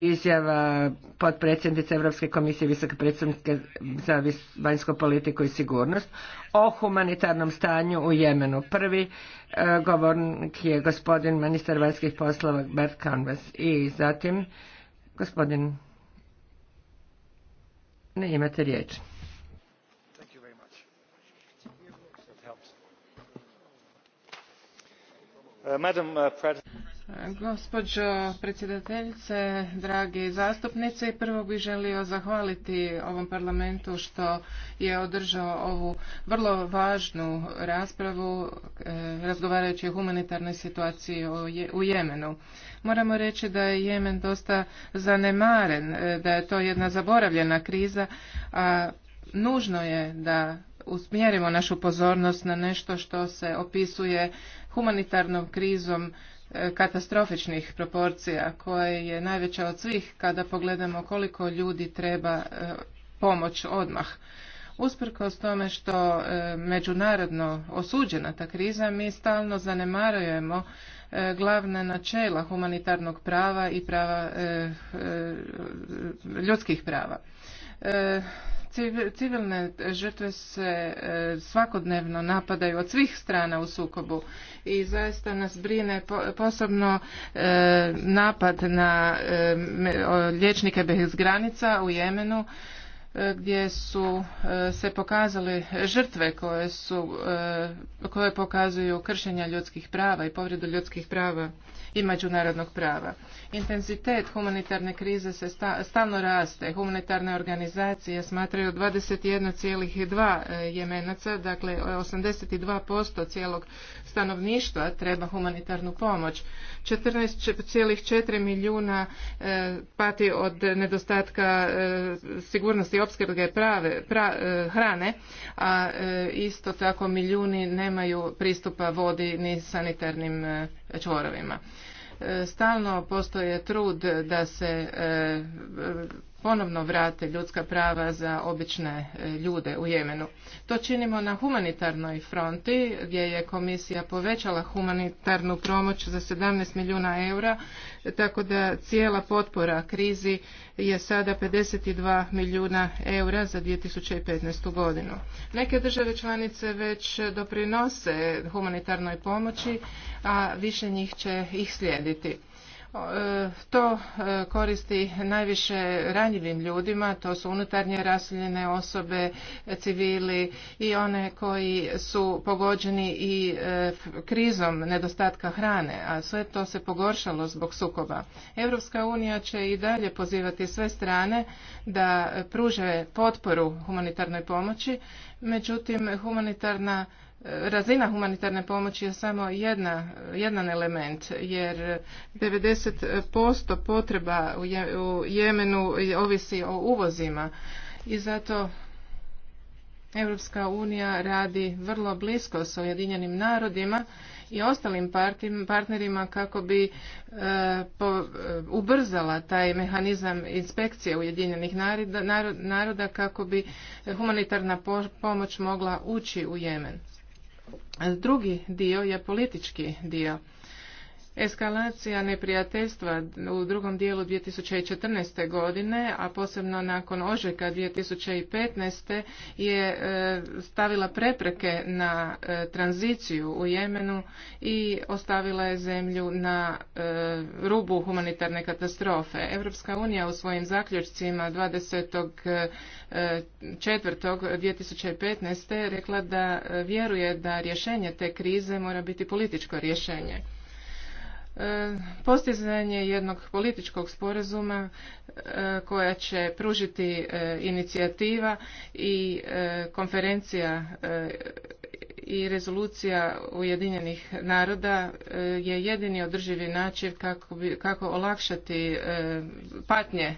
izjava potpredsjednice Europske komisije visoke predstavnike za vanjsku politiku i sigurnost o humanitarnom stanju u Jemenu. Prvi e, govornik je gospodin ministar vanjskih poslova Bert Canvas i zatim gospodin ne imate riječ. Uh, Madam uh, Gospođo predsjedateljice, dragi zastupnici, prvo bih želio zahvaliti ovom parlamentu što je održao ovu vrlo važnu raspravu e, razgovarajući o humanitarnoj situaciji u Jemenu. Moramo reći da je Jemen dosta zanemaren, e, da je to jedna zaboravljena kriza, a nužno je da usmjerimo našu pozornost na nešto što se opisuje humanitarnom krizom katastrofičnih proporcija koja je najveća od svih kada pogledamo koliko ljudi treba e, pomoć odmah. Usprkos tome što e, međunarodno osuđena ta kriza, mi stalno zanemarujemo e, glavna načela humanitarnog prava i prava ljudskih prava civilne žrtve se e, svakodnevno napadaju od svih strana u sukobu i zaista nas brine posebno e, napad na e, liječnike bez granica u Jemenu gdje su e, se pokazale žrtve koje, su, e, koje pokazuju kršenja ljudskih prava i povredu ljudskih prava i međunarodnog prava. Intenzitet humanitarne krize se stalno raste. Humanitarne organizacije smatraju 21,2 e, jemenaca, dakle 82% cijelog stanovništva treba humanitarnu pomoć. 14,4 milijuna pati od nedostatka sigurnosti opskrbe prave e, hrane, a e, isto tako milijuni nemaju pristupa vodi ni sanitarnim e, čvorovima stalno postoje trud da se ponovno vrate ljudska prava za obične e, ljude u Jemenu. To činimo na humanitarnoj fronti gdje je komisija povećala humanitarnu promoć za 17 milijuna eura, tako da cijela potpora krizi je sada 52 milijuna eura za 2015. godinu. Neke države članice već doprinose humanitarnoj pomoći, a više njih će ih slijediti. E, to e, koristi najviše ranjivim ljudima, to su unutarnje rasiljene osobe, civili i one koji su pogođeni i e, krizom nedostatka hrane, a sve to se pogoršalo zbog sukoba. Europska unija će i dalje pozivati sve strane da pruže potporu humanitarnoj pomoći, međutim humanitarna razina humanitarne pomoći je samo jedna, jedan element jer 90% potreba u Jemenu ovisi o uvozima i zato Europska unija radi vrlo blisko s Ujedinjenim narodima i ostalim partnerima kako bi e, e, ubrzala taj mehanizam inspekcije Ujedinjenih naroda, naroda kako bi humanitarna pomoć mogla ući u Jemen. Drugi dio je politički dio. Eskalacija neprijateljstva u drugom dijelu 2014. godine, a posebno nakon ožeka 2015. je e, stavila prepreke na e, tranziciju u Jemenu i ostavila je zemlju na e, rubu humanitarne katastrofe. Europska unija u svojim zaključcima 20. petnaest rekla da vjeruje da rješenje te krize mora biti političko rješenje postizanje jednog političkog sporazuma e, koja će pružiti e, inicijativa i e, konferencija i rezolucija Ujedinjenih naroda je jedini održivi način kako, bi, kako olakšati patnje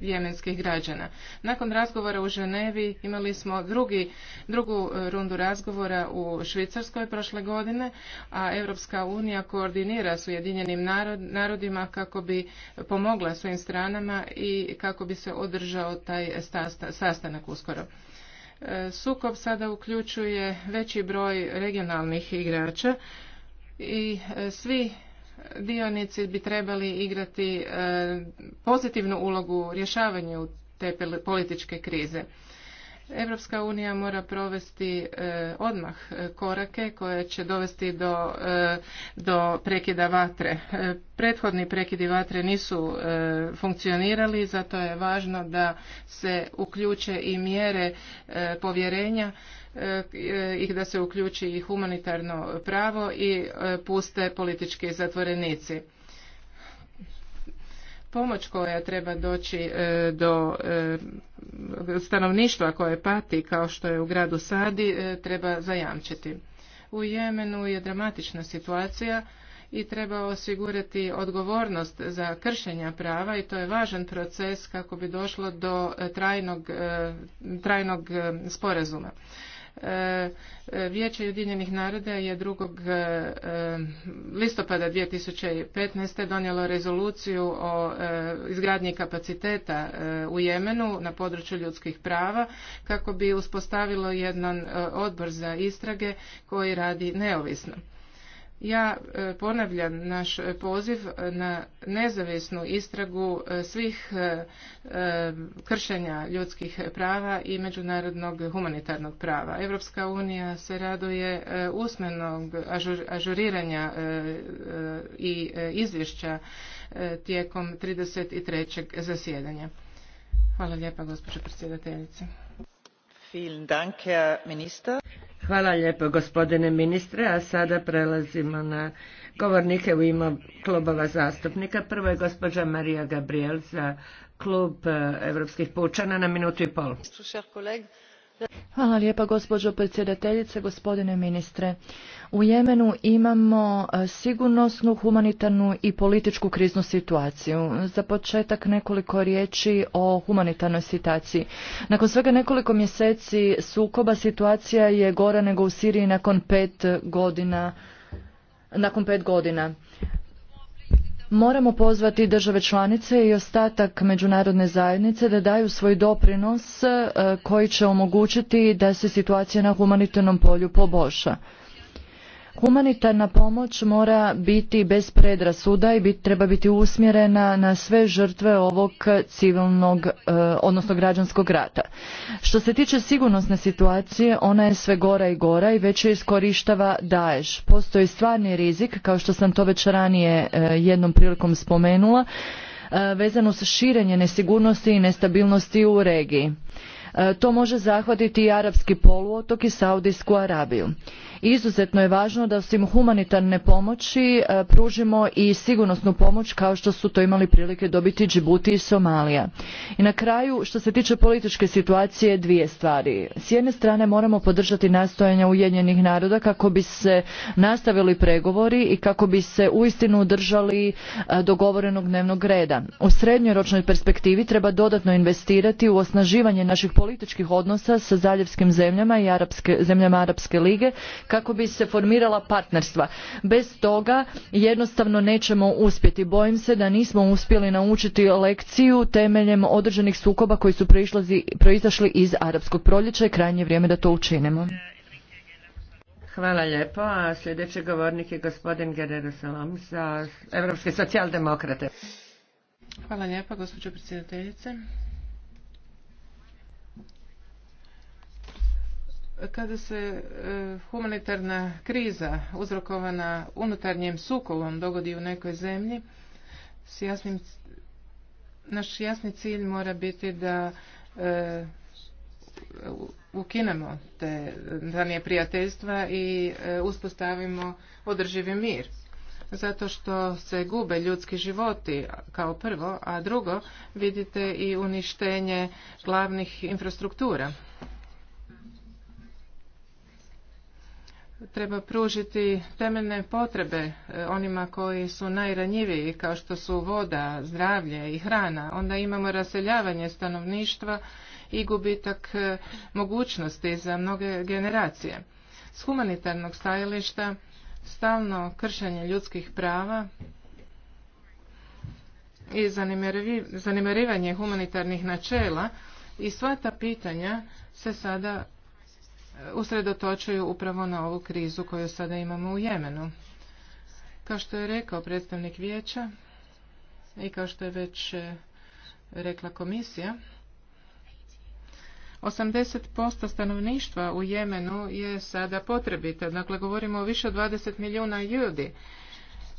jemenskih građana. Nakon razgovora u Ženevi imali smo drugi, drugu e, rundu razgovora u Švicarskoj prošle godine, a Europska unija koordinira s Ujedinjenim narodima kako bi pomogla svojim stranama i kako bi se održao taj sastanak uskoro. E, sukob sada uključuje veći broj regionalnih igrača i e, svi dionici bi trebali igrati e, pozitivnu ulogu u rješavanju te političke krize. Europska unija mora provesti e, odmah e, korake koje će dovesti do, do prekida vatre. Prethodni prekidi vatre nisu funkcionirali, zato je važno da se uključe i mjere povjerenja Eh, ih da se uključi i humanitarno pravo i eh, puste politički zatvorenici pomoć koja treba doći eh, do stanovništva koje pati kao što je u gradu Sadi treba zajamčiti. U Jemenu je dramatična situacija i treba osigurati odgovornost za kršenja prava i to je važan proces kako bi došlo do trajnog, trajnog sporazuma. E, e, Vijeće Ujedinjenih naroda je 2. E, listopada 2015. donijelo rezoluciju o izgradnji kapaciteta u Jemenu na području ljudskih prava kako bi uspostavilo jedan odbor za istrage koji radi neovisno. Ja e, ponavljam naš poziv na nezavisnu istragu e, svih e, kršenja ljudskih prava i međunarodnog humanitarnog prava. Europska unija se raduje usmenog ažuriranja i izvješća tijekom 33. zasjedanja. Hvala lijepa gospođo predsjedateljice. Vielen Minister. Hvala lijepo gospodine ministre, a sada prelazimo na govornike u ime klubova zastupnika. Prvo je gospođa Marija Gabriel za klub Europskih eh, pučana na minutu i pol. Hvala lijepa gospođo predsjedateljice, gospodine ministre. U Jemenu imamo e, sigurnosnu, humanitarnu i političku kriznu situaciju. Za početak nekoliko riječi o humanitarnoj situaciji. Nakon svega nekoliko mjeseci sukoba situacija je gora nego u Siriji nakon pet godina nakon pet godina. Moramo pozvati države članice i ostatak međunarodne zajednice da daju svoj doprinos e, koji će omogućiti da se situacija na humanitarnom polju poboljša. Humanitarna pomoć mora biti bez predrasuda i treba biti usmjerena na sve žrtve ovog civilnog, e, odnosno građanskog rata. Što se tiče sigurnosne situacije, ona je sve gora i gora i već je iskorištava Daesh. Postoji stvarni rizik, kao što sam to već ranije e, jednom prilikom spomenula, vezan vezano sa širenje nesigurnosti i nestabilnosti u regiji. E, to može zahvatiti i arapski poluotok i Saudijsku Arabiju. Izuzetno je važno da osim humanitarne pomoći e, pružimo i sigurnosnu pomoć kao što su to imali prilike dobiti Djibuti i Somalija. I na kraju što se tiče političke situacije dvije stvari. S jedne strane moramo podržati nastojanja Ujedinjenih naroda kako bi se nastavili pregovori i kako bi se uistinu držali e, dogovorenog dnevnog reda. U srednjoročnoj perspektivi treba dodatno investirati u osnaživanje naših političkih odnosa sa zaljevskim zemljama i zemljama Arapske lige kako bi se formirala partnerstva. Bez toga jednostavno nećemo uspjeti. Bojim se da nismo uspjeli naučiti lekciju temeljem određenih sukoba koji su proizašli iz arapskog proljeća i krajnje vrijeme da to učinimo. Hvala lijepo. A sljedeći govornik gospodin Guerrero Salam za Evropske socijaldemokrate. Hvala lijepo, gospođo predsjedateljice. kada se e, humanitarna kriza uzrokovana unutarnjim sukobom dogodi u nekoj zemlji, s jasnim, naš jasni cilj mora biti da e, ukinemo te danje prijateljstva i e, uspostavimo održivi mir. Zato što se gube ljudski životi kao prvo, a drugo vidite i uništenje glavnih infrastruktura. treba pružiti temeljne potrebe e, onima koji su najranjiviji kao što su voda, zdravlje i hrana. Onda imamo raseljavanje stanovništva i gubitak e, mogućnosti za mnoge generacije. S humanitarnog stajališta stalno kršenje ljudskih prava i zanemarivanje humanitarnih načela i sva ta pitanja se sada usredotočuju upravo na ovu krizu koju sada imamo u Jemenu. Kao što je rekao predstavnik vijeća i kao što je već e, rekla komisija, 80% stanovništva u Jemenu je sada potrebita Dakle, govorimo o više od 20 milijuna ljudi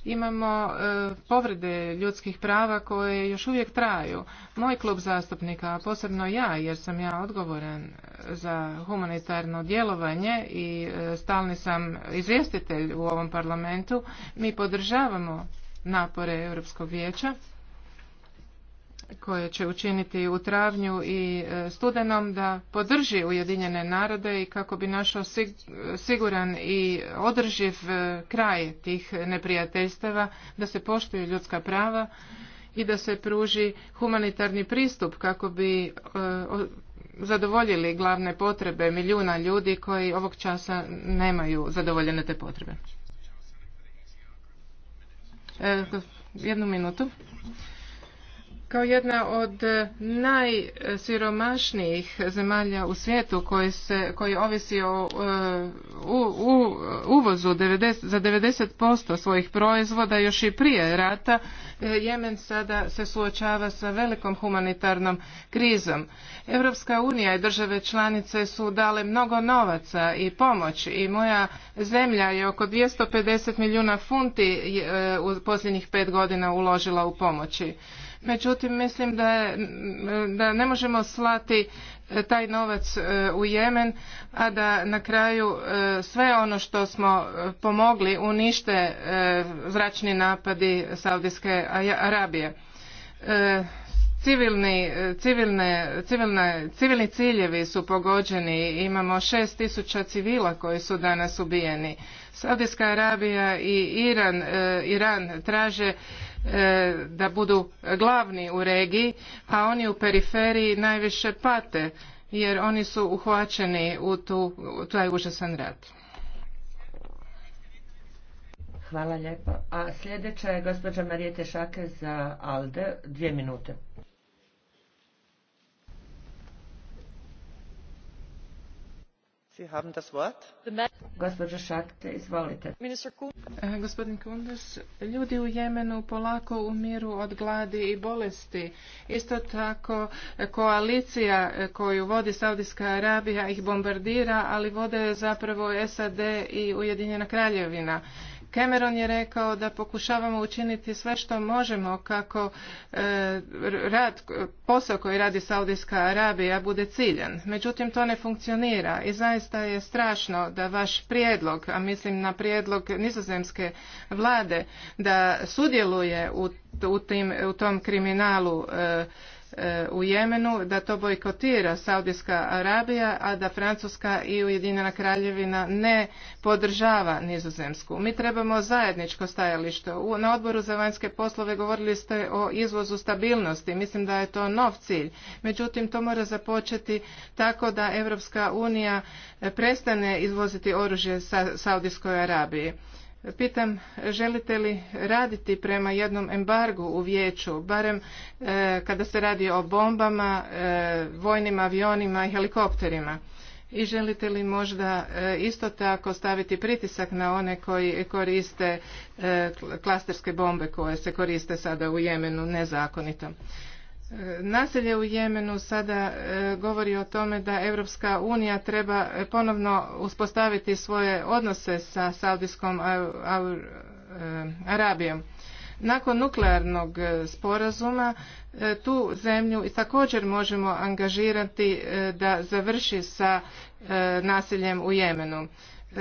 imamo e, povrede ljudskih prava koje još uvijek traju. Moj klub zastupnika, a posebno ja, jer sam ja odgovoran za humanitarno djelovanje i e, stalni sam izvjestitelj u ovom parlamentu, mi podržavamo napore Europskog vijeća koje će učiniti u travnju i e, studenom da podrži Ujedinjene narode i kako bi našao siguran i održiv e, kraj tih neprijateljstava, da se poštuju ljudska prava i da se pruži humanitarni pristup kako bi e, zadovoljili glavne potrebe milijuna ljudi koji ovog časa nemaju zadovoljene te potrebe. E, jednu minutu kao jedna od e, najsiromašnijih zemalja u svijetu koji, se, koji ovisi o e, u, uvozu 90, za 90% svojih proizvoda još i prije rata, e, Jemen sada se suočava sa velikom humanitarnom krizom. Europska unija i države članice su dale mnogo novaca i pomoć i moja zemlja je oko 250 milijuna funti u posljednjih pet godina uložila u pomoći. Međutim, mislim da, da ne možemo slati e, taj novac e, u Jemen, a da na kraju e, sve ono što smo pomogli unište zračni napadi Saudijske Arabije. Civilni, ciljevi su pogođeni, imamo šest tisuća civila koji su danas ubijeni. Saudijska Arabija i Iran, Iran traže E, da budu glavni u regiji, a oni u periferiji najviše pate jer oni su uhvaćeni u, tu, taj užasan rat. Hvala lijepo. A sljedeća je gospođa Marijete Šake za ALDE. Dvije minute. E, gospodin Kundas, ljudi u Jemenu polako umiru od gladi i bolesti. Isto tako e, koalicija e, koju vodi Saudijska Arabija ih bombardira, ali vode zapravo SAD i Ujedinjena Kraljevina. Cameron je rekao da pokušavamo učiniti sve što možemo kako e, rad, posao koji radi Saudijska Arabija bude ciljan. Međutim, to ne funkcionira i zaista je strašno da vaš prijedlog, a mislim na prijedlog nizozemske vlade, da sudjeluje u, u, tim, u tom kriminalu e, E, u Jemenu, da to bojkotira Saudijska Arabija, a da Francuska i Ujedinjena Kraljevina ne podržava Nizozemsku. Mi trebamo zajedničko stajalište. Na odboru za vanjske poslove govorili ste o izvozu stabilnosti. Mislim da je to nov cilj. Međutim, to mora započeti tako da Europska unija prestane izvoziti oružje sa Saudijskoj Arabiji. Pitam, želite li raditi prema jednom embargu u vijeću, barem e, kada se radi o bombama, e, vojnim avionima i helikopterima? I želite li možda e, isto tako staviti pritisak na one koji koriste e, klasterske bombe koje se koriste sada u Jemenu nezakonito? Nasilje u Jemenu sada e, govori o tome da Europska unija treba ponovno uspostaviti svoje odnose sa Saudijskom e, Arabijom. Nakon nuklearnog e, sporazuma tu zemlju također možemo angažirati da završi sa nasiljem u Jemenu.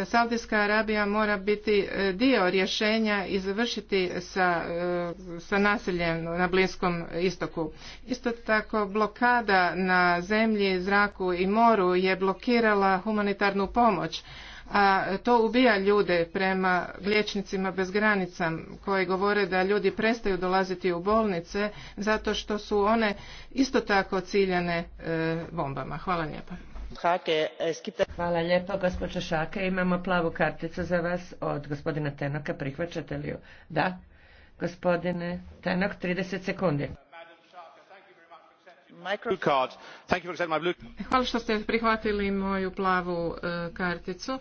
Saudijska Arabija mora biti e, dio rješenja i završiti sa, e, sa nasiljem na Bliskom istoku. Isto tako blokada na zemlji, zraku i moru je blokirala humanitarnu pomoć a to ubija ljude prema liječnicima bez granica koji govore da ljudi prestaju dolaziti u bolnice zato što su one isto tako ciljane e, bombama. Hvala lijepa. Hvala lijepo, gospođo Šake. Imamo plavu karticu za vas od gospodina Tenoka. Prihvaćate li ju? Da. Gospodine Tenok, 30 sekundi. Hvala što ste prihvatili moju plavu e, karticu.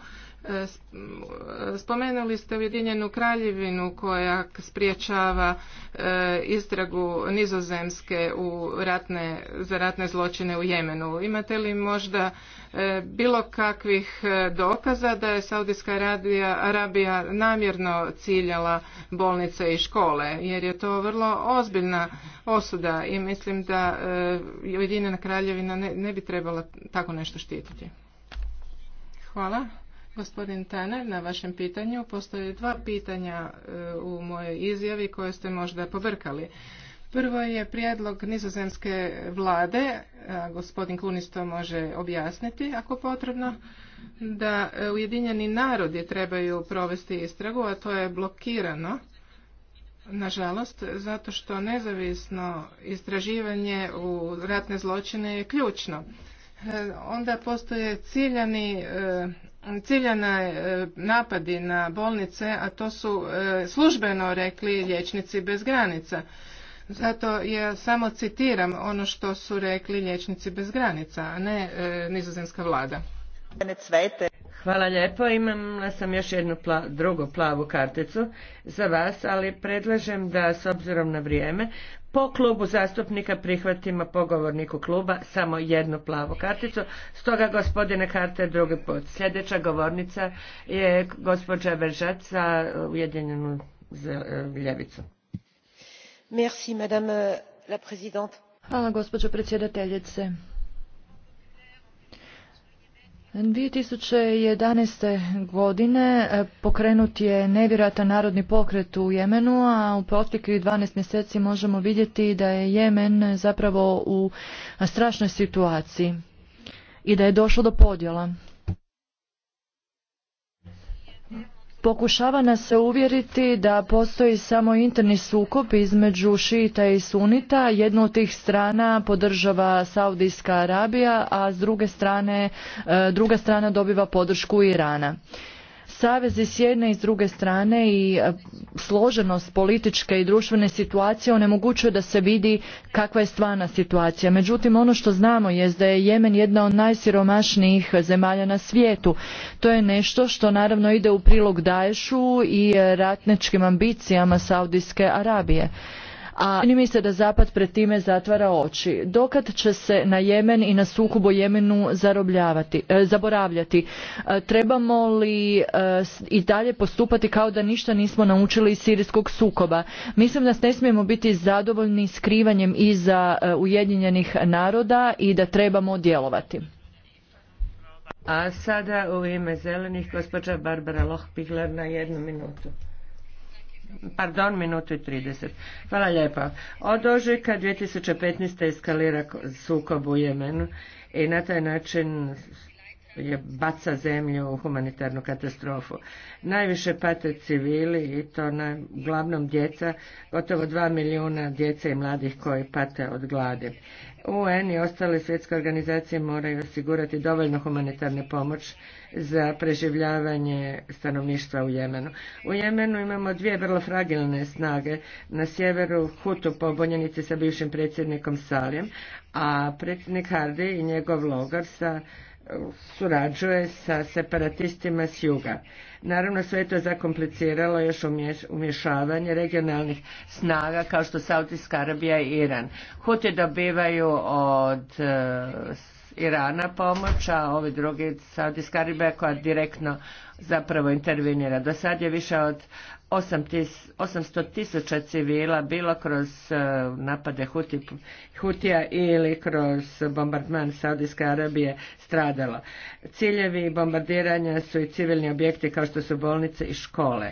Spomenuli ste Ujedinjenu kraljevinu koja spriječava e, istragu nizozemske u ratne, za ratne zločine u Jemenu. Imate li možda e, bilo kakvih e, dokaza da je Saudijska Arabija, Arabija namjerno ciljala bolnice i škole? Jer je to vrlo ozbiljna osuda i mislim da Ujedinjena kraljevina ne, ne bi trebala tako nešto štititi. Hvala. Gospodin Taner, na vašem pitanju postoje dva pitanja e, u mojoj izjavi koje ste možda povrkali. Prvo je prijedlog nizozemske vlade, a gospodin Kunis to može objasniti ako potrebno, da Ujedinjeni narodi trebaju provesti istragu, a to je blokirano, nažalost, zato što nezavisno istraživanje u ratne zločine je ključno. E, onda postoje ciljani e, ciljane e, napadi na bolnice, a to su e, službeno rekli liječnici bez granica. Zato ja samo citiram ono što su rekli liječnici bez granica, a ne e, nizozemska vlada. Hvala lijepo. Imam sam još jednu drugu plavu karticu za vas, ali predlažem da s obzirom na vrijeme po klubu zastupnika prihvatimo pogovorniku kluba samo jednu plavu karticu. Stoga gospodine Karte drugi put. Sljedeća govornica je gospođa Veržac za Ujedinjenu ljevicu. Merci, madame la présidente. Hvala gospođo predsjedateljice. 2011. godine e, pokrenut je nevjerojatan narodni pokret u Jemenu, a u proteklih 12 mjeseci možemo vidjeti da je Jemen zapravo u strašnoj situaciji i da je došlo do podjela. Pokušava nas se uvjeriti da postoji samo interni sukob između šita i sunita. Jednu od tih strana podržava Saudijska Arabija, a s druge strane, e, druga strana dobiva podršku Irana savezi s jedne i s druge strane i e, složenost političke i društvene situacije onemogućuje da se vidi kakva je stvarna situacija. Međutim, ono što znamo je da je Jemen jedna od najsiromašnijih zemalja na svijetu. To je nešto što naravno ide u prilog Daješu i e, ratničkim ambicijama Saudijske Arabije a čini mi se da zapad pred time zatvara oči dokad će se na jemen i na sukob jemenu zarobljavati e, zaboravljati e, trebamo li e, i dalje postupati kao da ništa nismo naučili iz sirijskog sukoba mislim da ne smijemo biti zadovoljni skrivanjem iza ujedinjenih naroda i da trebamo djelovati a sada u ime zelenih gospođa Barbara na jednu minutu. Pardon, minutu i 30. Hvala lijepa. Od ožujka 2015. eskalira sukob u Jemenu i na taj način je baca zemlju u humanitarnu katastrofu. Najviše pate civili i to na glavnom djeca, gotovo dva milijuna djece i mladih koji pate od gladi. UN i ostale svjetske organizacije moraju osigurati dovoljno humanitarne pomoć za preživljavanje stanovništva u Jemenu. U Jemenu imamo dvije vrlo fragilne snage. Na sjeveru Hutu pobunjenici sa bivšim predsjednikom Salijem, a predsjednik Hardi i njegov logar sa surađuje sa separatistima s juga. Naravno sve je to zakompliciralo još umješavanje regionalnih snaga kao što Saudijska Arabija i Iran. Huti dobivaju od eh, Irana pomoć, a ovi drugi Saudijska Arabija koja direktno zapravo intervenira. Do sad je više od 800 tisuća civila bilo kroz e, napade Hutija ili kroz bombardman Saudijske Arabije stradalo. Ciljevi bombardiranja su i civilni objekti kao što su bolnice i škole.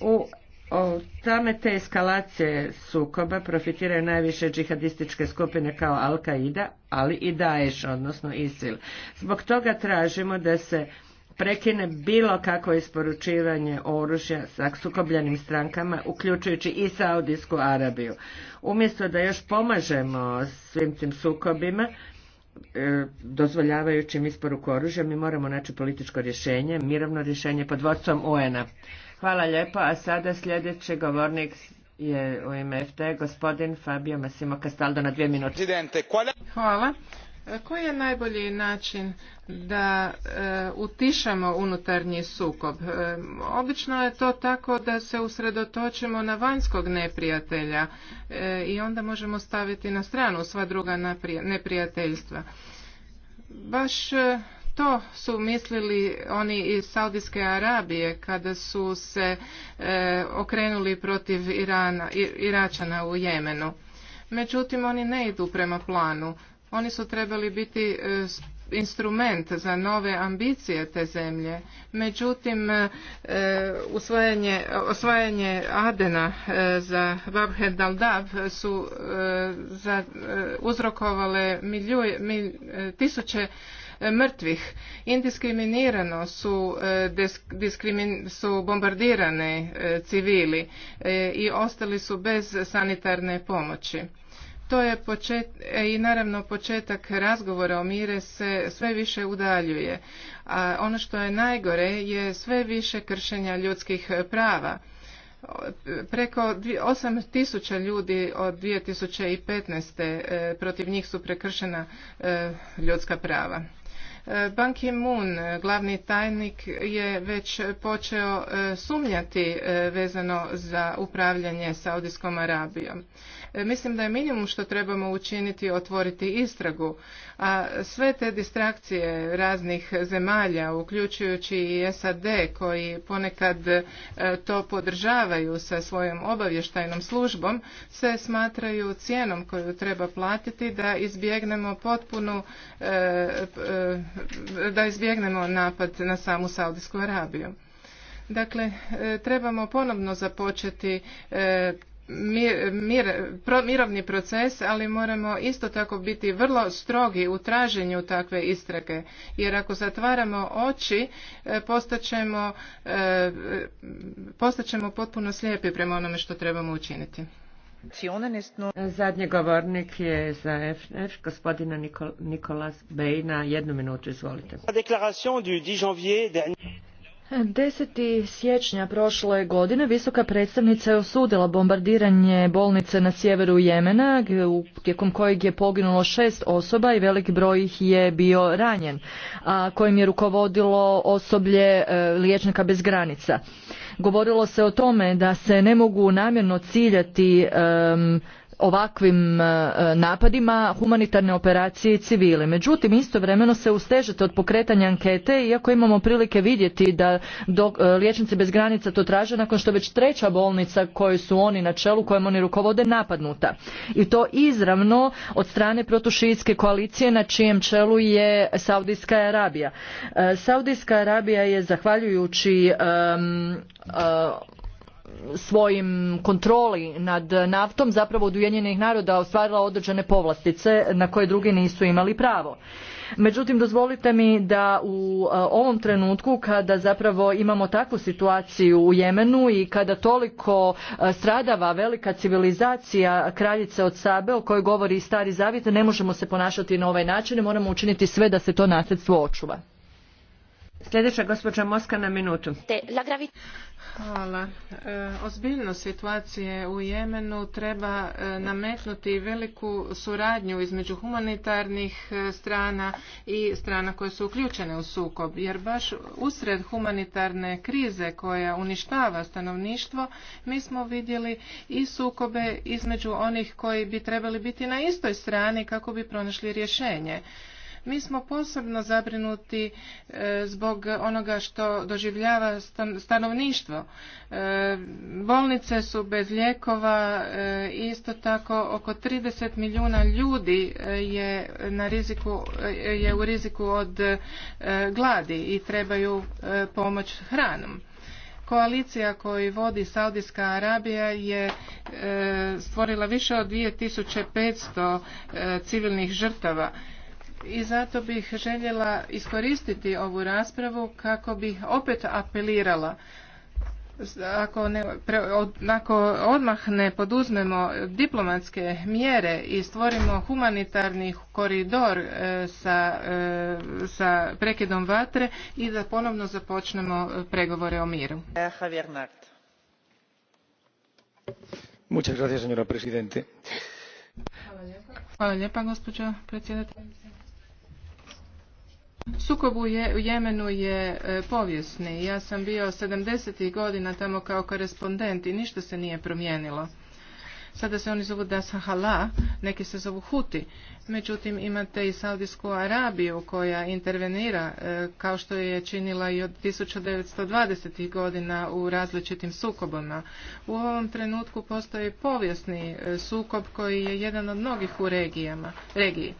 U same te eskalacije sukoba profitiraju najviše džihadističke skupine kao Al-Qaida, ali i Daesh, odnosno ISIL. Zbog toga tražimo da se prekine bilo kako isporučivanje oružja sa sukobljenim strankama, uključujući i Saudijsku Arabiju. Umjesto da još pomažemo svim tim sukobima, e, dozvoljavajućim isporuku oružja, mi moramo naći političko rješenje, mirovno rješenje pod vodstvom UN-a. Hvala lijepo, a sada sljedeći govornik je u ime FT, gospodin Fabio Massimo Castaldo na dvije minute. Hvala. Koji je najbolji način da e, utišamo unutarnji sukob? E, obično je to tako da se usredotočimo na vanjskog neprijatelja e, i onda možemo staviti na stranu sva druga neprijateljstva. Baš to su mislili oni iz Saudijske Arabije kada su se e, okrenuli protiv Iračana u Jemenu. Međutim, oni ne idu prema planu. Oni su trebali biti e, instrument za nove ambicije te zemlje. Međutim, e, osvajanje Adena za Babhed Daldab su za, uzrokovale mil, tisuće E, mrtvih. Indiskriminirano su, e, diskrimin, su bombardirane e, civili i ostali su bez sanitarne pomoći. To je počet, i naravno početak razgovora o mire se sve više udaljuje. A ono što je najgore je sve više kršenja ljudskih prava preko 8000 ljudi od 2015. protiv njih su prekršena ljudska prava. Ban Ki-moon, glavni tajnik, je već počeo e, sumnjati e, vezano za upravljanje Saudijskom Arabijom. E, mislim da je minimum što trebamo učiniti otvoriti istragu. A sve te distrakcije raznih zemalja, uključujući i SAD koji ponekad e, to podržavaju sa svojom obavještajnom službom, se smatraju cijenom koju treba platiti da izbjegnemo potpunu, e, e, da izbjegnemo napad na samu Saudijsku Arabiju. Dakle, trebamo ponovno započeti mirovni proces, ali moramo isto tako biti vrlo strogi u traženju takve istrage. Jer ako zatvaramo oči, e, postaćemo, e, postaćemo potpuno slijepi prema onome što trebamo učiniti. Zadnji govornik je za FNF, gospodina Nikolas Bejna, jednu minutu, izvolite. 10. siječnja prošle godine visoka predstavnica je osudila bombardiranje bolnice na sjeveru Jemena tijekom kojeg je poginulo šest osoba i velik broj ih je bio ranjen, a kojim je rukovodilo osoblje e, liječnika bez granica. Govorilo se o tome da se ne mogu namjerno ciljati ovakvim e, napadima humanitarne operacije i civile. Međutim, istovremeno se ustežete od pokretanja ankete, iako imamo prilike vidjeti da e, liječnici bez granica to traže nakon što već treća bolnica koju su oni na čelu, kojom oni rukovode, napadnuta. I to izravno od strane protušijske koalicije na čijem čelu je Saudijska Arabija. E, Saudijska Arabija je zahvaljujući svojim kontroli nad naftom zapravo od Ujedinjenih naroda ostvarila određene povlastice na koje drugi nisu imali pravo. Međutim, dozvolite mi da u e, ovom trenutku kada zapravo imamo takvu situaciju u Jemenu i kada toliko e, stradava velika civilizacija kraljice od Sabe o kojoj govori i stari zavjet, ne možemo se ponašati na ovaj način i moramo učiniti sve da se to nasljedstvo očuva. Sljedeća gospođa Moska na minutu. Hvala. E, Ozbiljno situacije u Jemenu treba e, nametnuti veliku suradnju između humanitarnih e, strana i strana koje su uključene u sukob, jer baš usred humanitarne krize koja uništava stanovništvo, mi smo vidjeli i sukobe između onih koji bi trebali biti na istoj strani kako bi pronašli rješenje. Mi smo posebno zabrinuti e, zbog onoga što doživljava stanovništvo. E, bolnice su bez lijekova, e, isto tako oko 30 milijuna ljudi je, na riziku, je u riziku od gladi i trebaju pomoć hranom. Koalicija koju vodi Saudijska Arabija je stvorila više od 2500 civilnih žrtava i zato bih željela iskoristiti ovu raspravu kako bih opet apelirala ako, odmah ne poduzmemo diplomatske mjere i stvorimo humanitarni koridor e, e, sa, prekidom vatre i da ponovno započnemo e, pregovore o miru. Hvala gospođo Sukob u Jemenu je e, povijesni. Ja sam bio 70. godina tamo kao korespondent i ništa se nije promijenilo. Sada se oni zovu Dasahala, neki se zovu Huti. Međutim, imate i Saudijsku Arabiju koja intervenira e, kao što je činila i od 1920. godina u različitim sukobama. U ovom trenutku postoji povijesni e, sukob koji je jedan od mnogih u regijama, regiji.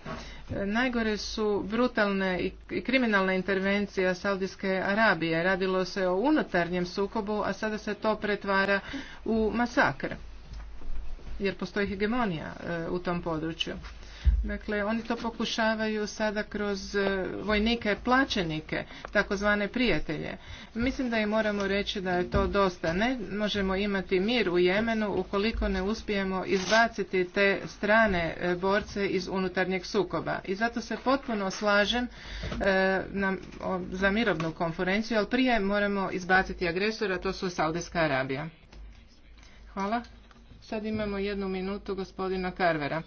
Najgore su brutalne i kriminalne intervencije Saudijske Arabije. Radilo se o unutarnjem sukobu, a sada se to pretvara u masakr. Jer postoji hegemonija e, u tom području. Dakle, oni to pokušavaju sada kroz e, vojnike plaćenike, takozvane prijatelje. Mislim da im moramo reći da je to dosta. Ne možemo imati mir u Jemenu ukoliko ne uspijemo izbaciti te strane e, borce iz unutarnjeg sukoba. I zato se potpuno slažem e, za mirovnu konferenciju, ali prije moramo izbaciti agresora, to su Saudijska Arabija. Hvala. Sad imamo jednu minutu gospodina Karvera.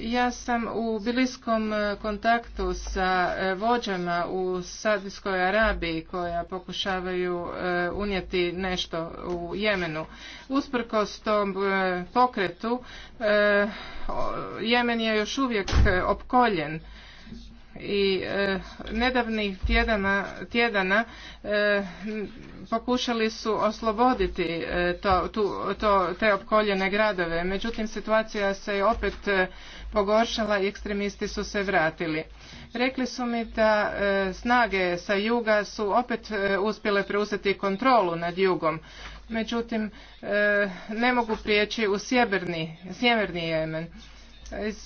Ja sam u bliskom e, kontaktu sa e, vođama u Saudijskoj Arabiji koja pokušavaju e, unijeti nešto u Jemenu. Usprkos tom pokretu, Jemen je još uvijek opkoljen i e, nedavnih tjedana, tjedana e, pokušali su osloboditi e, to, tu, to, te opkoljene gradove. Međutim, situacija se je opet e, pogoršala i ekstremisti su se vratili. Rekli su mi da snage sa juga su opet uspjele preuzeti kontrolu nad jugom. Međutim, ne mogu prijeći u sjeverni, sjeverni Jemen.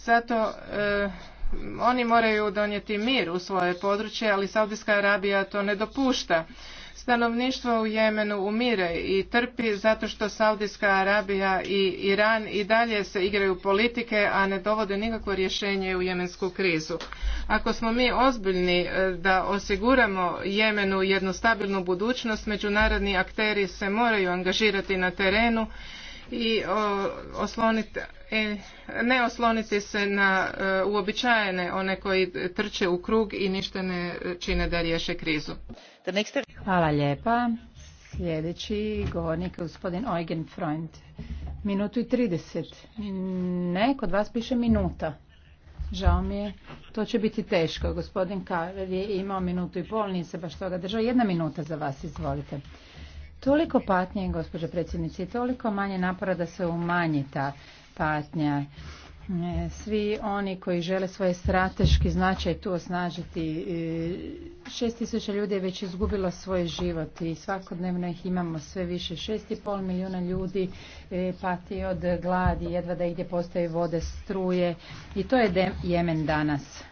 Zato oni moraju donijeti mir u svoje područje, ali Saudijska Arabija to ne dopušta. Stanovništvo u Jemenu umire i trpi zato što Saudijska Arabija i Iran i dalje se igraju politike, a ne dovode nikakvo rješenje u jemensku krizu. Ako smo mi ozbiljni e, da osiguramo Jemenu jednu stabilnu budućnost, međunarodni akteri se moraju angažirati na terenu i osloniti, e, ne osloniti se na e, uobičajene one koji trče u krug i ništa ne čine da riješe krizu. Hvala lijepa. Sljedeći govornik je gospodin Eugen Freund. Minutu i 30. Ne, kod vas piše minuta. Žao mi je, to će biti teško. Gospodin Karel je imao minutu i pol, nije se baš toga držao. Jedna minuta za vas, izvolite. Toliko patnje, gospođo predsjednice, toliko manje napora da se umanji ta patnja. E, svi oni koji žele svoje strateški značaj tu osnažiti, e, šest tisuća ljudi je već izgubilo svoj život i svakodnevno ih imamo sve više. Šest pol milijuna ljudi e, pati od gladi, jedva da ide postoje vode, struje i to je Jemen danas.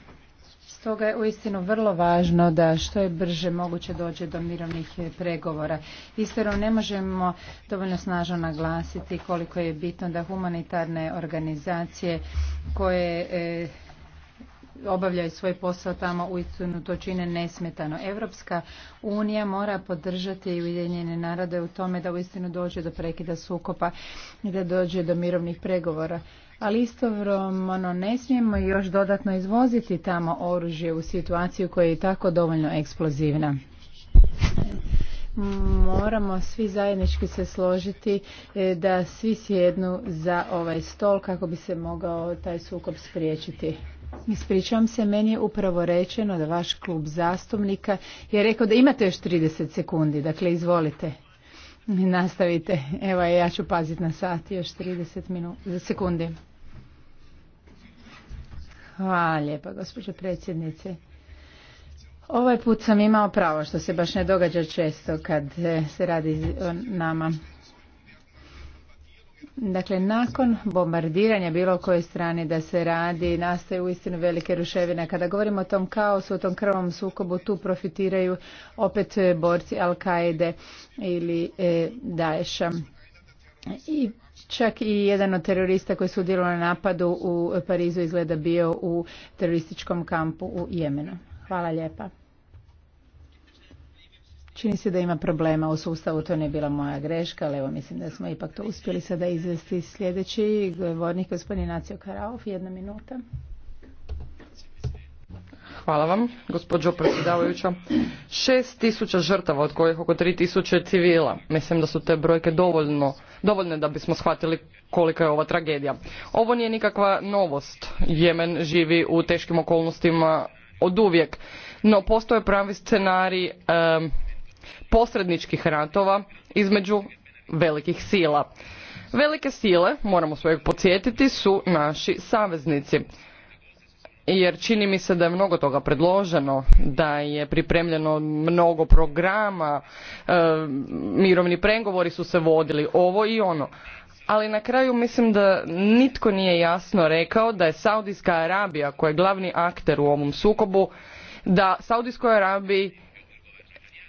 Stoga je uistinu vrlo važno da što je brže moguće dođe do mirovnih pregovora. Istero ne možemo dovoljno snažno naglasiti koliko je bitno da humanitarne organizacije koje e, obavljaju svoj posao tamo uistinu to čine nesmetano. Evropska unija mora podržati i Ujedinjene narode u tome da uistinu dođe do prekida sukopa i da dođe do mirovnih pregovora ali istovremeno ne smijemo još dodatno izvoziti tamo oružje u situaciju koja je tako dovoljno eksplozivna. Moramo svi zajednički se složiti e, da svi sjednu za ovaj stol kako bi se mogao taj sukob spriječiti. Ispričavam se, meni je upravo rečeno da vaš klub zastupnika je rekao da imate još 30 sekundi, dakle izvolite. Nastavite, evo ja ću paziti na sat, još 30 sekundi. Hvala lijepa, gospođo predsjednice. Ovaj put sam imao pravo, što se baš ne događa često kad e, se radi o nama. Dakle, nakon bombardiranja bilo koje strane da se radi, u uistinu velike ruševine. Kada govorimo o tom kaosu, o tom krvom sukobu, tu profitiraju opet borci Al-Qaide ili e, Daesha. I Čak i jedan od terorista koji su na napadu u Parizu izgleda bio u terorističkom kampu u Jemenu. Hvala lijepa. Čini se da ima problema u sustavu, to nije bila moja greška, ali evo mislim da smo ipak to uspjeli sada izvesti sljedeći govornik gospodin Nacio karauf jedna minuta. Hvala vam, gospođo predsjedavajuća. Šest tisuća žrtava, od kojih oko tri tisuće civila. Mislim da su te brojke dovoljno, dovoljne da bismo shvatili kolika je ova tragedija. Ovo nije nikakva novost. Jemen živi u teškim okolnostima od uvijek. No, postoje pravi scenarij posredničkih ratova između velikih sila. Velike sile, moramo svojeg podsjetiti, su naši saveznici jer čini mi se da je mnogo toga predloženo, da je pripremljeno mnogo programa, e, mirovni pregovori su se vodili, ovo i ono. Ali na kraju mislim da nitko nije jasno rekao da je Saudijska Arabija, koja je glavni akter u ovom sukobu, da Saudijskoj Arabiji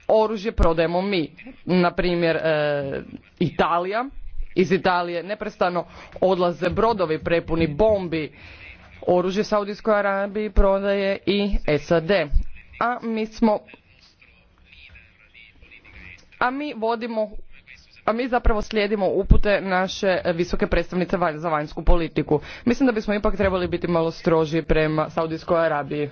oružje prodajemo mi. Na primjer, e, Italija, iz Italije neprestano odlaze brodovi prepuni bombi, oružje Saudijskoj Arabiji prodaje i SAD. A mi smo a mi vodimo a mi zapravo slijedimo upute naše visoke predstavnice za vanjsku politiku. Mislim da bismo ipak trebali biti malo stroži prema Saudijskoj Arabiji.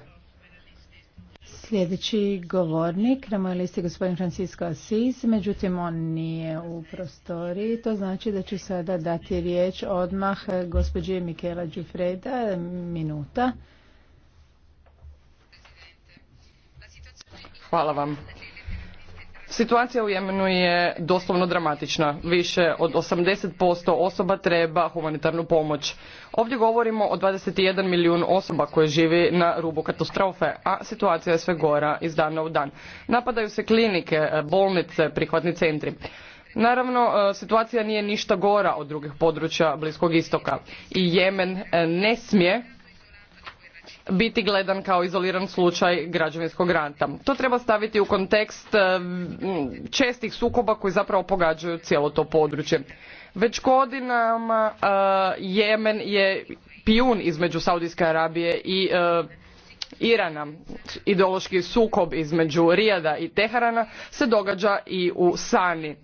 Sljedeći govornik na mojoj listi gospodin Francisco Assis, međutim on nije u prostori. To znači da ću sada dati riječ odmah gospođi Mikela Đufreda, minuta. Hvala vam Situacija u Jemenu je doslovno dramatična. Više od 80% osoba treba humanitarnu pomoć. Ovdje govorimo o 21 milijun osoba koje živi na rubu katastrofe, a situacija je sve gora iz dana u dan. Napadaju se klinike, bolnice, prihvatni centri. Naravno, e, situacija nije ništa gora od drugih područja Bliskog istoka i Jemen e, ne smije biti gledan kao izoliran slučaj građevinskog ranta. To treba staviti u kontekst e, čestih sukoba koji zapravo pogađaju cijelo to područje. Već godinama e, Jemen je pijun između Saudijske Arabije i e, Irana. Ideološki sukob između Rijada i Teherana se događa i u Sani.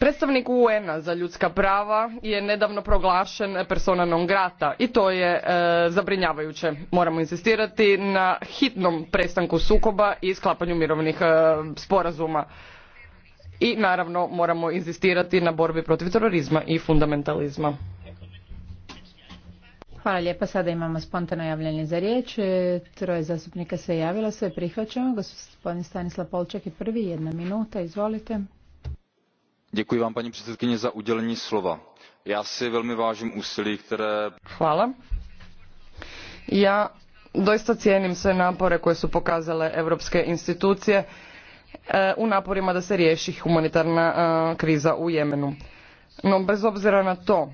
Predstavnik UN-a za ljudska prava je nedavno proglašen persona non grata i to je e, zabrinjavajuće. Moramo inzistirati na hitnom prestanku sukoba i sklapanju mirovnih e, sporazuma. I naravno moramo inzistirati na borbi protiv terorizma i fundamentalizma. Hvala lijepa. Sada imamo spontano javljanje za riječ. E, troje zastupnika se javilo, sve prihvaćamo. Gospodin Stanislav Polčak je prvi, jedna minuta, izvolite paní předsedající já si velmi hvala. ja doista cijenim sve napore koje su pokazale europske institucije eh, u naporima da se riješi humanitarna eh, kriza u jemenu. no bez obzira na to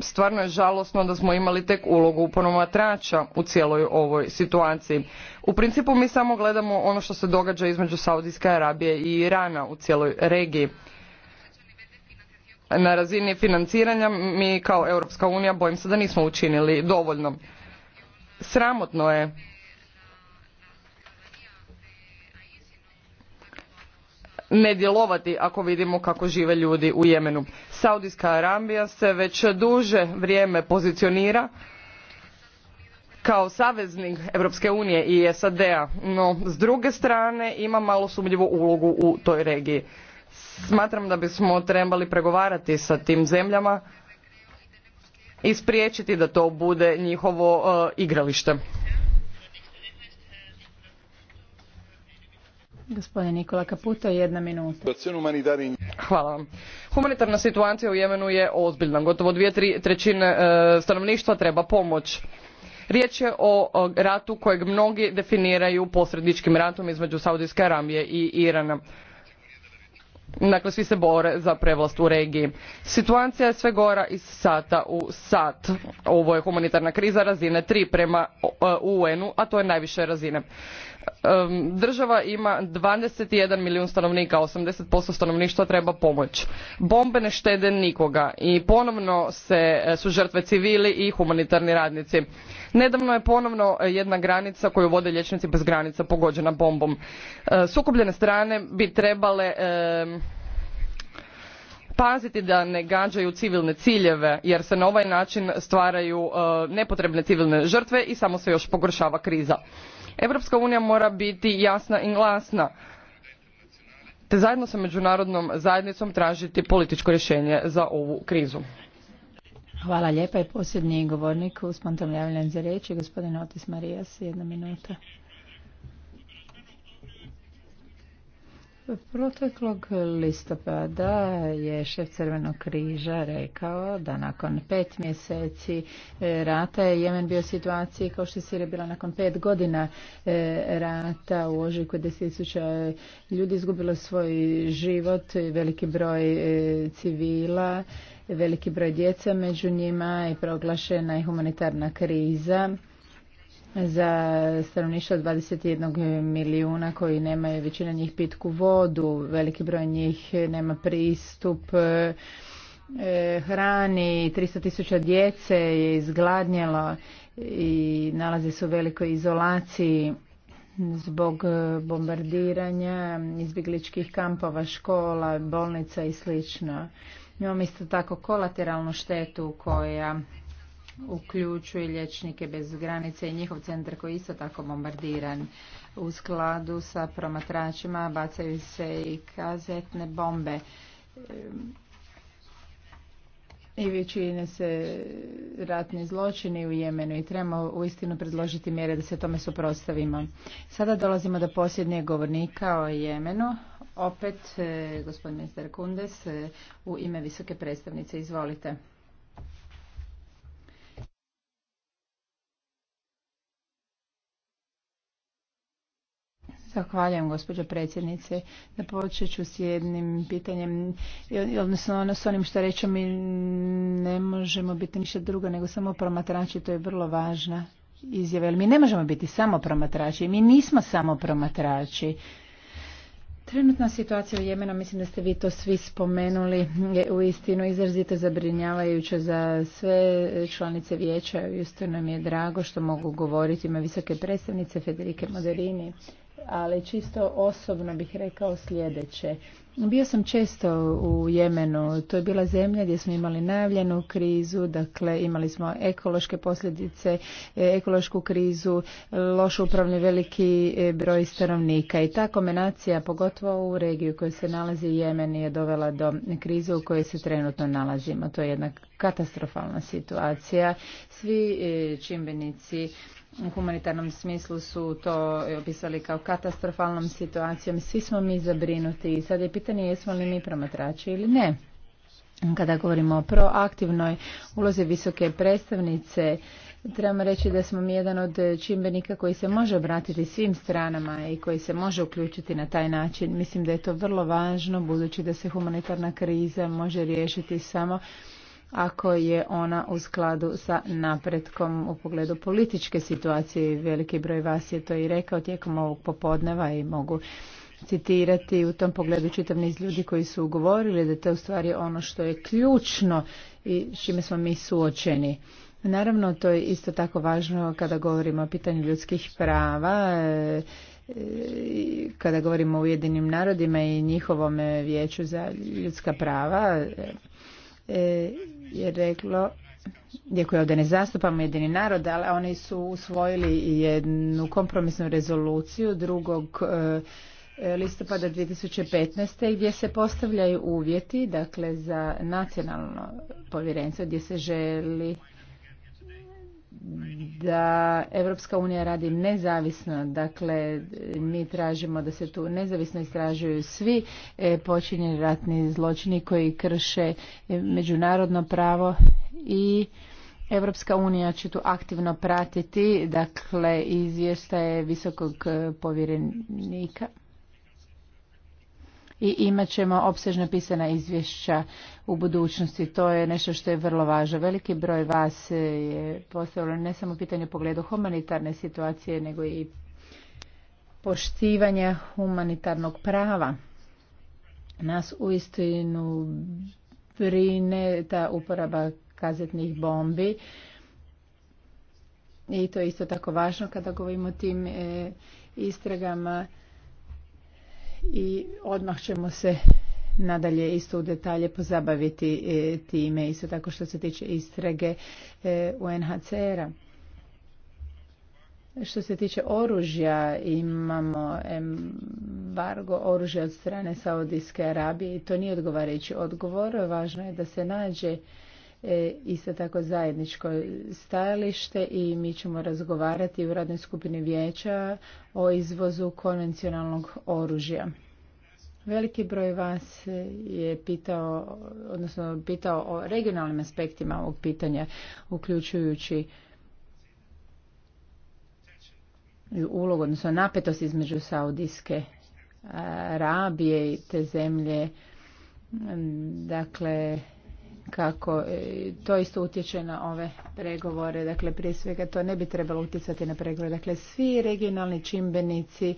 stvarno je žalosno da smo imali tek ulogu promatrača u cijeloj ovoj situaciji. U principu mi samo gledamo ono što se događa između Saudijske Arabije i Irana u cijeloj regiji na razini financiranja mi kao Europska unija bojim se da nismo učinili dovoljno. Sramotno je ne djelovati ako vidimo kako žive ljudi u Jemenu. Saudijska Arabija se već duže vrijeme pozicionira kao saveznik Europske unije i SAD-a, no s druge strane ima malo sumnjivu ulogu u toj regiji. Smatram da bismo trebali pregovarati sa tim zemljama i spriječiti da to bude njihovo e, igralište. jedna Humanitarna situacija u Jemenu je ozbiljna. Gotovo dvije tri, trećine e, stanovništva treba pomoć. Riječ je o, ratu kojeg mnogi definiraju posredničkim ratom između Saudijske Arabije i Irana Dakle, svi se bore za prevlast u regiji. Situacija je sve gora iz sata u sat. Ovo je humanitarna kriza razine 3 prema e, UN-u, a to je najviše razine. E, država ima 21 milijun stanovnika, 80% stanovništva treba pomoć. Bombe ne štede nikoga i ponovno se, e, su žrtve civili i humanitarni radnici Nedavno je ponovno e, jedna granica koju vode liječnici bez granica pogođena bombom. E, sukobljene strane bi trebale e, paziti da ne gađaju civilne ciljeve jer se na ovaj način stvaraju nepotrebne civilne žrtve i samo se još pogoršava kriza. Europska unija mora biti jasna i glasna te zajedno sa međunarodnom zajednicom tražiti političko rješenje za ovu krizu. Hvala lijepa i posljednji govornik u spontanom javljanju za riječ gospodin Otis Marijas, jedna minuta. Proteklog listopada je šef Crvenog križa rekao da nakon pet mjeseci e, rata je Jemen bio u situaciji kao što je Sirija bila nakon pet godina e, rata u ožujku tisuća e, ljudi izgubilo svoj život, veliki broj civila veliki broj djece među njima i proglašena je humanitarna kriza za stanovništvo 21 milijuna koji nemaju većina njih pitku vodu, veliki broj njih nema pristup e, hrani, 300 tisuća djece je izgladnjelo i nalaze se u velikoj izolaciji zbog e, bombardiranja izbjegličkih kampova, škola, bolnica i slično. Imamo isto tako kolateralnu štetu koja uključuje liječnike bez granice i njihov centar koji je isto tako bombardiran. U skladu sa promatračima bacaju se i kazetne bombe. I većine se ratni zločini u Jemenu i trebamo uistinu predložiti mjere da se tome suprotstavimo. Sada dolazimo do posljednjeg govornika o Jemenu opet e, gospodin ministar Kundes e, u ime visoke predstavnice. Izvolite. Zahvaljujem gospođo predsjednice. Započet ću s jednim pitanjem, odnosno ono s onim što reću mi ne možemo biti ništa drugo nego samo promatrači, to je vrlo važna izjava. mi ne možemo biti samo promatrači, mi nismo samo promatrači. Trenutna situacija u Jemenu, mislim da ste vi to svi spomenuli, je u istinu izrazito zabrinjavajuća za sve članice vijeća. Isto nam je drago što mogu govoriti ima visoke predstavnice Federike Moderini, ali čisto osobno bih rekao sljedeće. Bio sam često u Jemenu, to je bila zemlja gdje smo imali najavljenu krizu, dakle imali smo ekološke posljedice, e, ekološku krizu, loš upravni veliki e, broj stanovnika i ta kombinacija, pogotovo u regiju koju se nalazi Jemen, je dovela do krize u kojoj se trenutno nalazimo. To je jedna katastrofalna situacija. Svi e, čimbenici u humanitarnom smislu su to opisali kao katastrofalnom situacijom. Svi smo mi zabrinuti i sad je pitanje jesmo li mi promatrači ili ne. Kada govorimo o proaktivnoj ulozi visoke predstavnice, trebamo reći da smo mi jedan od čimbenika koji se može obratiti svim stranama i koji se može uključiti na taj način. Mislim da je to vrlo važno budući da se humanitarna kriza može riješiti samo ako je ona u skladu sa napretkom u pogledu političke situacije. Veliki broj vas je to i rekao tijekom ovog popodneva i mogu citirati u tom pogledu čitav niz ljudi koji su ugovorili da to u stvari ono što je ključno i s čime smo mi suočeni. Naravno, to je isto tako važno kada govorimo o pitanju ljudskih prava, e, kada govorimo o Ujedinim narodima i njihovom vijeću za ljudska prava. E, je reklo iako ovdje ne zastupamo jedini narod, ali oni su usvojili jednu kompromisnu rezoluciju drugog e, listopada 2015. gdje se postavljaju uvjeti dakle, za nacionalno povjerenstvo gdje se želi da Evropska unija radi nezavisno, dakle mi tražimo da se tu nezavisno istražuju svi e, počinjeni ratni zločini koji krše e, međunarodno pravo i Evropska unija će tu aktivno pratiti dakle izvještaje visokog e, povjerenika i imat ćemo opsežna pisana izvješća u budućnosti. To je nešto što je vrlo važno. Veliki broj vas je postavljeno ne samo pitanje u pogledu humanitarne situacije, nego i poštivanja humanitarnog prava. Nas uistinu brine ta uporaba kazetnih bombi. I to je isto tako važno kada govorimo o tim e, istragama i odmah ćemo se nadalje isto u detalje pozabaviti e, time isto tako što se tiče istrage e, UNHCR-a. Što se tiče oružja, imamo embargo oružja od strane Saudijske Arabije i to nije odgovarajući odgovor. Važno je da se nađe E, isto tako zajedničko stajalište i mi ćemo razgovarati u radnoj skupini vijeća o izvozu konvencionalnog oružja. Veliki broj vas je pitao, odnosno pitao o regionalnim aspektima ovog pitanja, uključujući ulogu, odnosno napetost između Saudijske Arabije i te zemlje. Dakle, kako e, to isto utječe na ove pregovore. Dakle, prije svega to ne bi trebalo utjecati na pregovore. Dakle, svi regionalni čimbenici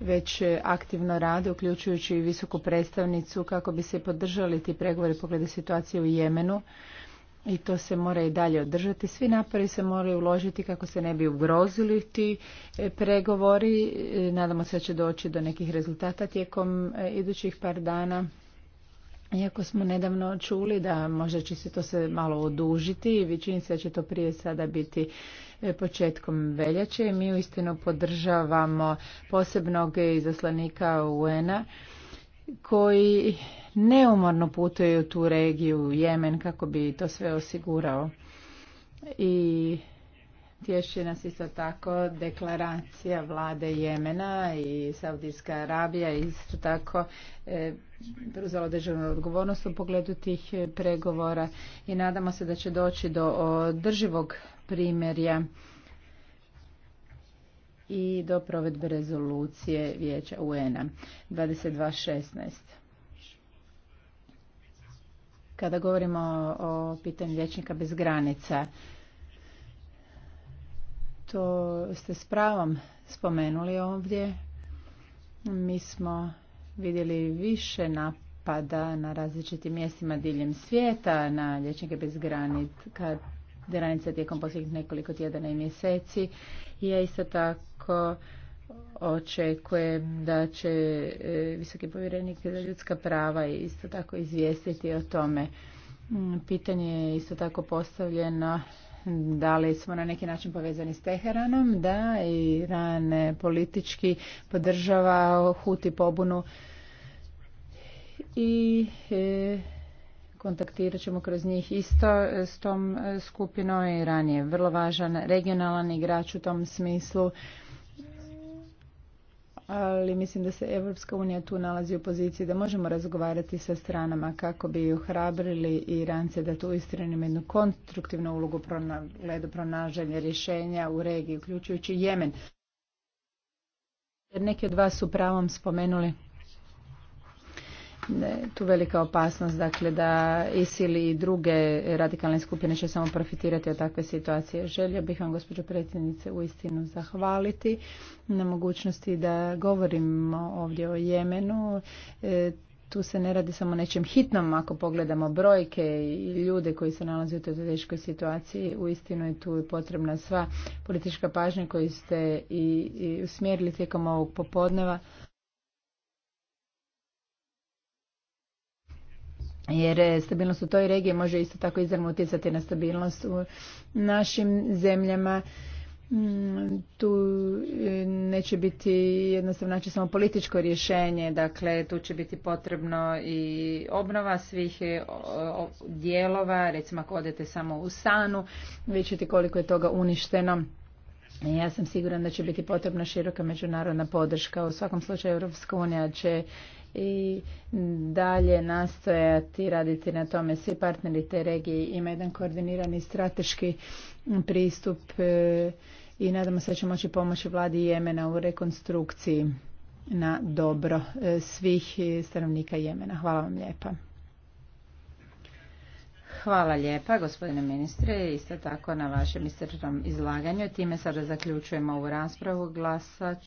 već e, aktivno rade, uključujući i visoku predstavnicu, kako bi se podržali ti pregovori pogledu situacije u Jemenu. I to se mora i dalje održati. Svi napori se moraju uložiti kako se ne bi ugrozili ti e, pregovori. Nadamo se da će doći do nekih rezultata tijekom idućih par dana. Iako smo nedavno čuli da možda će se to se malo odužiti i većini se će to prije sada biti e, početkom veljače. Mi uistinu podržavamo posebnog izaslanika UN-a koji neumorno putuje u tu regiju Jemen kako bi to sve osigurao. I tješi nas isto tako deklaracija vlade Jemena i Saudijska Arabija isto tako e, preuzela državnu odgovornost u pogledu tih e, pregovora i nadamo se da će doći do održivog primjerja i do provedbe rezolucije Vijeća UN-a 22.16. Kada govorimo o pitanju liječnika bez granica, to ste s pravom spomenuli ovdje. Mi smo vidjeli više napada na različitim mjestima diljem svijeta, na lječnike bez granica, granica tijekom posljednjih nekoliko tjedana i mjeseci. I ja isto tako očekujem da će e, visoki povjerenik za ljudska prava isto tako izvijestiti o tome. Mm, pitanje je isto tako postavljeno da li smo na neki način povezani s Teheranom, da Iran politički podržava Huti pobunu i e, kontaktirat ćemo kroz njih isto e, s tom e, skupinom i ranije. Vrlo važan regionalan igrač u tom smislu ali mislim da se Evropska unija tu nalazi u poziciji da možemo razgovarati sa stranama kako bi ohrabrili Irance da tu istrenimo jednu konstruktivnu ulogu gledu pronaženja rješenja u regiji, uključujući Jemen. Jer neki od vas su pravom spomenuli tu velika opasnost dakle da ISIL i druge radikalne skupine će samo profitirati od takve situacije. Želio bih vam gospođo predsjednice uistinu zahvaliti na mogućnosti da govorimo ovdje o Jemenu. E, tu se ne radi samo nečem hitnom ako pogledamo brojke i ljude koji se nalaze u toj teškoj situaciji. Uistinu je tu potrebna sva politička pažnja koju ste i usmjerili tijekom ovog popodneva. jer e, stabilnost u toj regiji može isto tako izravno utjecati na stabilnost u našim zemljama. Mm, tu e, neće biti jednostavno znači samo političko rješenje, dakle tu će biti potrebno i obnova svih e, dijelova, recimo ako odete samo u Sanu, vidjet ćete koliko je toga uništeno. Ja sam siguran da će biti potrebna široka međunarodna podrška. U svakom slučaju Europska unija će i dalje nastojati raditi na tome. Svi partneri te regije ima jedan koordinirani strateški pristup e, i nadamo se da će moći pomoći vladi Jemena u rekonstrukciji na dobro e, svih stanovnika Jemena. Hvala vam lijepa. Hvala lijepa gospodine ministre, isto tako na vašem iscrpnom izlaganju. Time sada zaključujemo ovu raspravu. glasa.